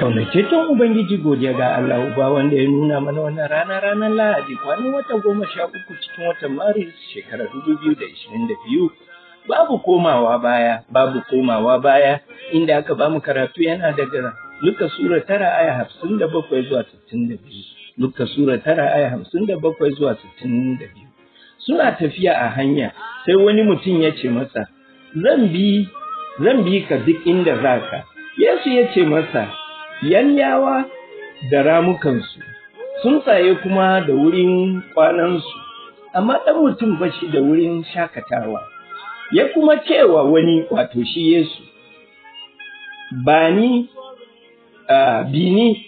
Kaunaceccen Ubangiji godiya ga Allah Uba wanda ya nuna mana wannan rana ranar Lahadi kwanan wata goma sha uku cikin watan Maris shekarar dubu biyu da ishirin da biyu. Babu komawa baya, babu komawa baya inda aka bamu karatu yana daga Luka Sura tara aya hamsin da bakwai zuwa sittin da biyu. Luka Sura tara aya hamsin da bakwai zuwa sittin da biyu. Suna tafiya a hanya sai wani mutum ya ce masa, Zan bi, zan bi ka duk inda za ka. Yesu ya ce masa, yanyawa da ramukansu sun tsaye kuma da wurin kwanansu amma ɗan mutum ba shi da wurin shakatawa ya kuma cewa wani wato shi yesu ba ni bini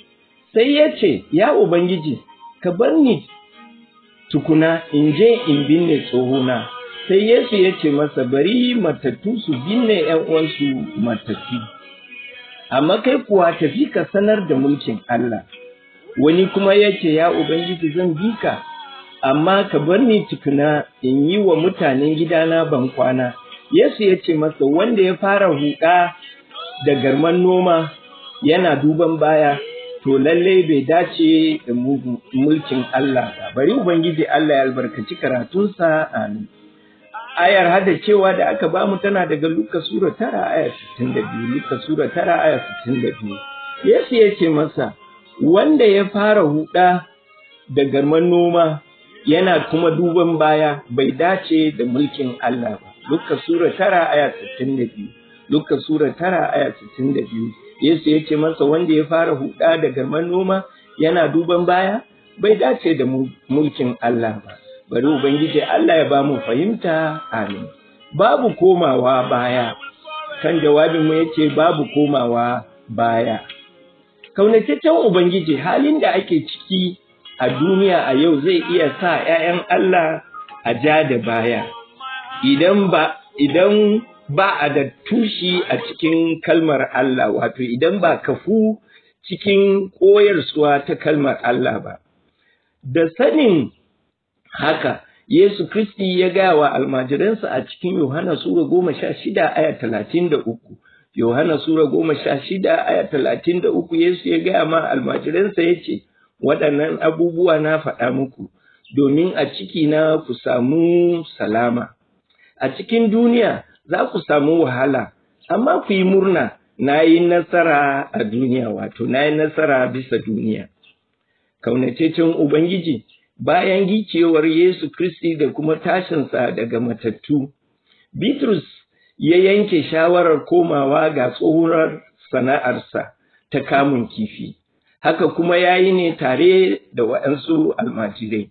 sai ya ce ya ubangiji ka bar ni tukuna in je in binne tsohona sai yesu ya ce masa bari matattu su binne 'yan uwansu matattu amma kai kuwa tafi ka sanar da mulkin Allah wani kuma ya ce ya ubangiji zan bi ka amma ka bar ni tukuna in yi wa mutanen gidana ban kwana Yesu ya ce masa wanda ya fara huka da garman noma yana duban baya to lallai bai dace da mulkin Allah ba bari ubangiji Allah ya albarkaci karatunsa amin ayar hada cewa da aka ba mu tana daga Luka Sura 9 aya 62, Luka Sura 9 aya 62. Yesu ya ce masa, wanda ya fara huda da garman noma yana kuma duban baya bai dace da mulkin Allah ba. Luka Sura 9 aya 62, Luka Sura 9 aya 62. Yesu ya ce masa wanda ya fara huda da garman noma yana duban baya bai dace da mulkin Allah ba. bari ubangiji Allah ya ba mu fahimta amin babu komawa baya kan jawabin mu ce babu komawa baya kaunataccen ubangiji halin da ake ciki a duniya a yau zai iya sa 'ya'yan Allah a ja da baya idan ba idan ba a da tushi a cikin kalmar Allah wato idan ba kafu cikin koyarsuwa ta kalmar Allah ba da sanin haka Yesu Kristi ya gaya wa almajiransa a cikin Yohana Sura goma sha shida aya talatin da uku. Yohana Sura goma sha shida aya talatin da uku Yesu ya gaya ma almajiransa ya ce, waɗannan abubuwa na faɗa muku, domin a ciki na ku samu salama. A cikin duniya za ku samu wahala, amma ku yi murna na yi nasara a duniya wato na yi nasara bisa duniya. Kaunataccen Ubangiji, bayan gicewar Yesu Kristi da kuma tashinsa daga matattu. Bitrus ya yanke shawarar komawa ga tsohuwar sana'arsa ta kamun kifi, haka kuma ya yi ne tare da waɗansu almajirai.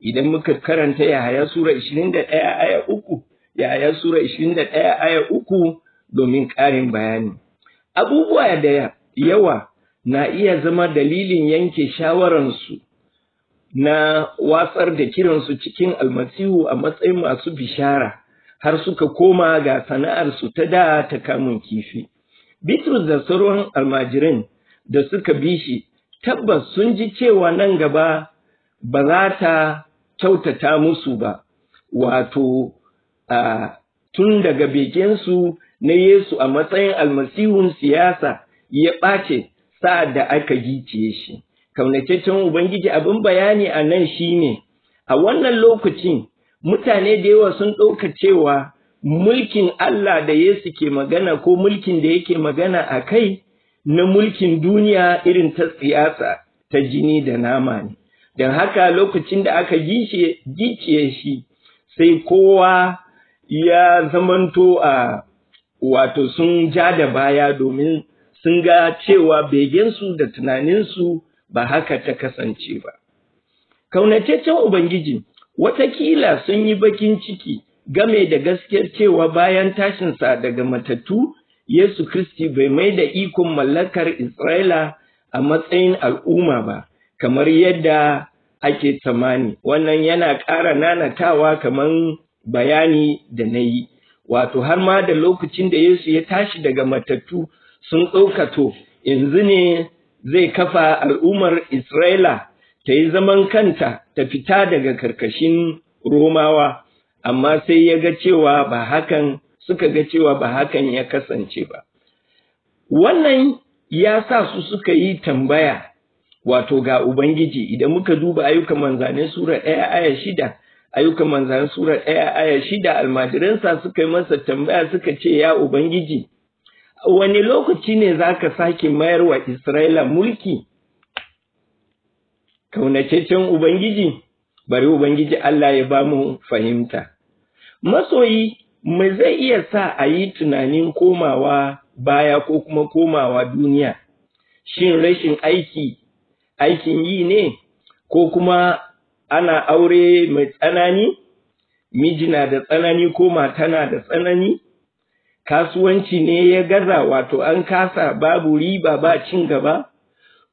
Idan muka karanta Yahaya Sura 21 aya uku, Yahaya Sura 21 aya uku domin ƙarin bayani. Abubuwa da yawa na iya zama dalilin yanke shawararsu na watsar da kiransu cikin almasihu a matsayin masu bishara har suka koma ga sana'arsu ta da ta kamun kifi. Bitrus da sauran almajirin da suka bi shi tabbas sun ji cewa nan gaba ba za ta kyautata musu ba, wato a tun daga bikinsu na Yesu a matsayin almasihun siyasa ya ɓace sa'ad da aka gice shi. kaunataccen ubangiji abin bayani a nan ne. a wannan lokacin mutane da yawa sun ɗauka cewa mulkin Allah da Yesu ke magana ko mulkin da yake magana a kai na mulkin duniya irin ta siyasa ta jini da nama ne. Don haka lokacin da aka gice shi sai kowa ya zamanto a wato sun ja da baya domin sun ga cewa begensu da tunaninsu ba haka ta kasance ba kaunataccen ubangiji watakila sun yi bakin ciki game da gaskiyar cewa bayan tashinsa daga matattu Yesu Kristi bai mai da ikon mallakar Isra'ila a matsayin al'umma ba, kamar yadda ake tsammani. Wannan yana ƙara nanatawa kamar bayani da na yi, wato har ma da lokacin da Yesu ya tashi daga matattu sun ɗaukato, yanzu ne zai kafa al'ummar Isra'ila ta yi zaman kanta ta fita daga karkashin Romawa, amma sai ya ga cewa ba hakan suka ga cewa ba hakan ya kasance ba. Wannan ya sa su suka yi tambaya wato ga Ubangiji idan muka duba ayyukan manzane Sura ɗaya aya shida, ayyukan manzane Sura ɗaya aya shida almajiransa suka yi masa tambaya suka ce ya Ubangiji wani lokaci ne za ka sake mayar wa Isra'ila mulki? Kaunacecen Ubangiji, bari Ubangiji Allah ya ba mu fahimta. Masoyi, mai zai iya sa a yi tunanin komawa baya ko kuma komawa duniya, shin rashin aiki, aikin yi ne, ko kuma ana aure mai tsanani, miji na da tsanani ko mata na da tsanani? kasuwanci ne ya gaza wato an kasa babu riba ba cin gaba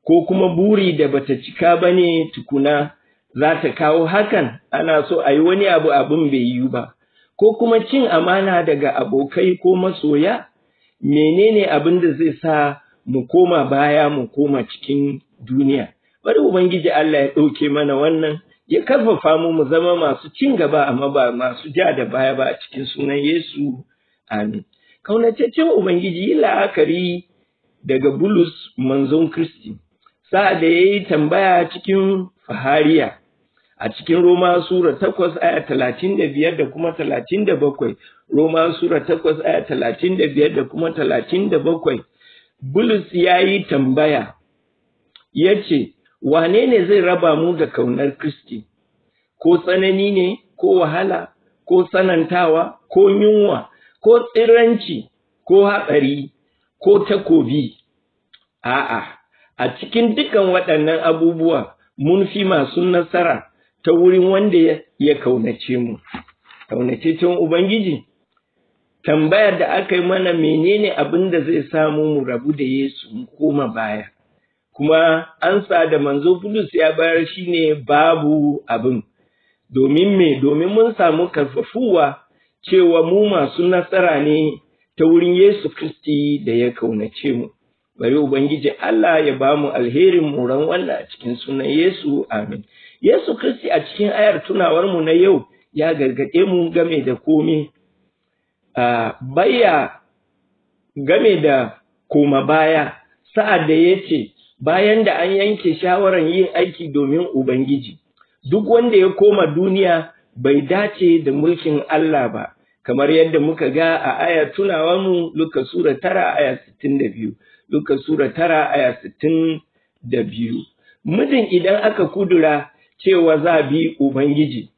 ko kuma buri da bata cika ba ne tukuna za ta kawo hakan ana so a yi wani abu abin bai yiwu ba ko kuma cin amana daga abokai ko masoya menene abin da zai sa mu koma baya mu koma cikin duniya bari ubangiji Allah ya ɗauke mana wannan ya karfafa mu mu zama masu cin gaba amma ba masu ja da baya ba a cikin sunan Yesu amin kaunataccen Ubangiji yi la'akari daga Bulus manzon Kristi, sa'ad da ya yi tambaya cikin fahariya a cikin Roma Sura takwas aya talatin da biyar da kuma talatin da bakwai, Roma Sura takwas aya talatin da biyar da kuma talatin da bakwai, Bulus ya yi tambaya, ya ce, Wane ne zai raba mu da kaunar Kristi, ko tsanani ne, ko wahala, ko tsanantawa, ko yunwa, ko tsiranci ko hatsari ko takobi a'a a cikin dukan waɗannan abubuwa mun fi masu nasara ta wurin wanda ya kaunace mu kaunace tun ubangiji tambayar da aka yi mana menene abin da zai samu mu rabu da Yesu mu koma baya kuma ansa da manzo Bulus ya bayar shine babu abin domin me domin mun samu karfafuwa cewa mu masu nasara ne ta wurin Yesu Kristi da ya kaunace mu. Bari Ubangiji Allah ya ba mu alherin muran wannan a cikin sunan Yesu, amin. Yesu Kristi a cikin ayar tunawar mu na yau ya gargaɗe mu game da komi, baya game da koma baya, sa'ad da ya ce, bayan da an yanke shawarar yin aiki domin Ubangiji, duk wanda ya koma duniya bai dace da mulkin Allah ba kamar yadda muka ga a aya tunawa mu Luka sura tara aya sittin da biyu Luka sura tara aya sittin da biyu Mijin idan aka kudura cewa za bi Ubangiji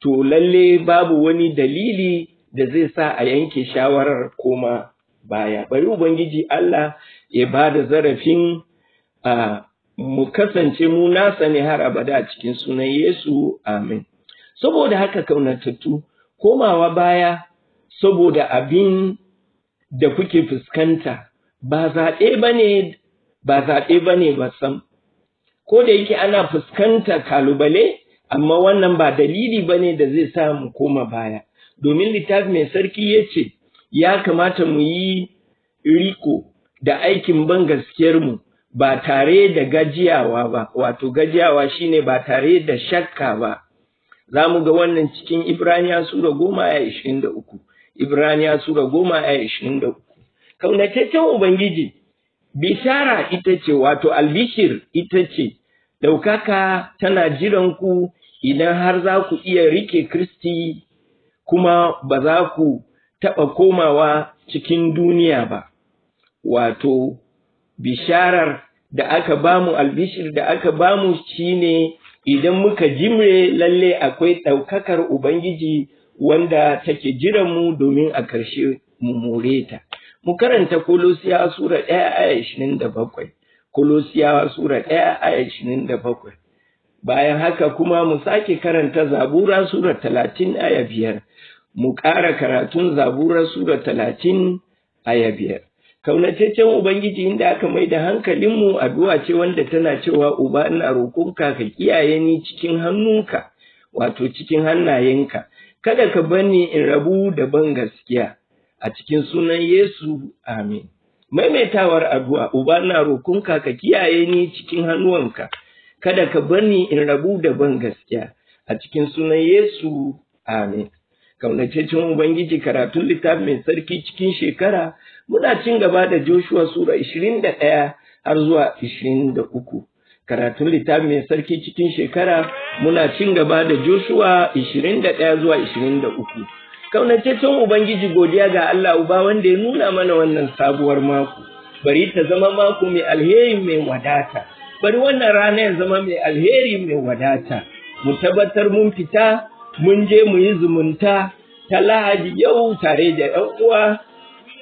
to lalle babu wani dalili da zai sa a yanke shawarar koma baya bari Ubangiji Allah ya ba da zarafin mu kasance mu nasa ne har abada cikin sunan Yesu amin saboda haka kaunatattu komawa baya saboda abin da kuke fuskanta ba zaɓe ba ne ba zaɓe ba ne ba sam ko da yake ana fuskanta kalubale amma wannan ba dalili ba ne da zai sa mu koma baya domin littafi mai sarki ya ce ya kamata mu yi riko da aikin ban mu ba tare da gajiyawa ba wato gajiyawa shine ba tare da shakka ba za mu ga wannan cikin Ibraniya Sura goma ya ishirin da uku, Ibraniya Sura goma ya ishirin da uku. Kaunataccen Ubangiji, bishara ita ce wato albishir ita ce, ɗaukaka tana jiran ku idan har za ku iya rike Kristi kuma ba za ku taɓa komawa cikin duniya ba, wato bisharar da aka bamu albishir da aka bamu shine idan muka jimre lalle akwai ɗaukakar Ubangiji wanda take jira mu domin a ƙarshe mu more ta. Mu karanta Kolosiyawa Sura ɗaya aya ishirin da bakwai. Kolosiyawa Sura ɗaya aya ishirin da bakwai. Bayan haka kuma mu sake karanta Zabura Sura talatin aya biyar. Mu ƙara karatun Zabura Sura talatin aya biyar. Kaunataccen Ubangiji inda aka mai da hankalinmu addu'a ce wanda tana cewa Uba ina roƙonka ka kiyaye ni cikin hannunka, wato cikin hannayenka, kada ka bani in rabu da ban gaskiya, a cikin sunan Yesu, amin. Maimaitawar addu'a, Uba ina roƙonka ka kiyaye ni cikin hannuwanka, kada ka bani in rabu da ban gaskiya, a cikin sunan Yesu, amin. kaunataccen Ubangiji karatun littafi mai sarki cikin shekara muna cin gaba da Joshua Sura 21 har zuwa 23. Karatun littafi mai sarki cikin shekara muna cin gaba da Joshua 21 zuwa 23. Kaunataccen Ubangiji godiya ga Allah Uba wanda ya nuna mana wannan sabuwar mako. Bari ta zama mako mai alheri mai wadata. Bari wannan rana ya zama mai alheri mai wadata. Mu tabbatar mun fita mun je mu yi zumunta ta lahadi yau tare da ‘yan uwa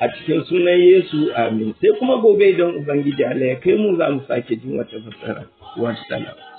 a cikin sunan Yesu amin sai kuma gobe don Ubangiji Allah ya kai mu za mu sake jin wata fassara. Wassalam.